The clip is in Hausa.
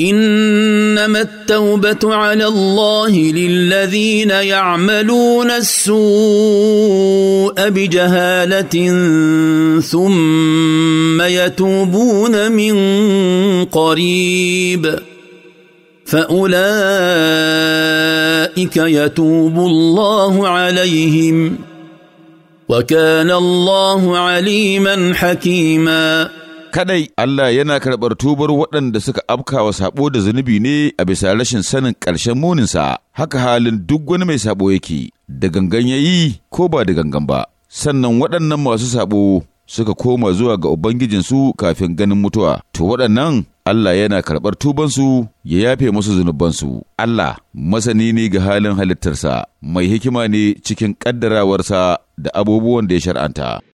انما التوبه على الله للذين يعملون السوء بجهاله ثم يتوبون من قريب فاولئك يتوب الله عليهم وكان الله عليما حكيما kadai Allah yana karɓar tubar waɗanda suka afkawa saɓo da zunubi ne a bisa rashin sanin ƙarshen muninsa haka halin duk wani mai saɓo yake da gangan ya yi ko ba da gangan ba sannan waɗannan masu saɓo suka koma zuwa ga ubangijinsu kafin ganin mutuwa to waɗannan Allah yana karɓar tubansu ya yafe musu zunubansu. Allah masani ne ga halin halittarsa, mai hikima ne cikin ƙaddarawarsa da abubuwan da ya shar'anta.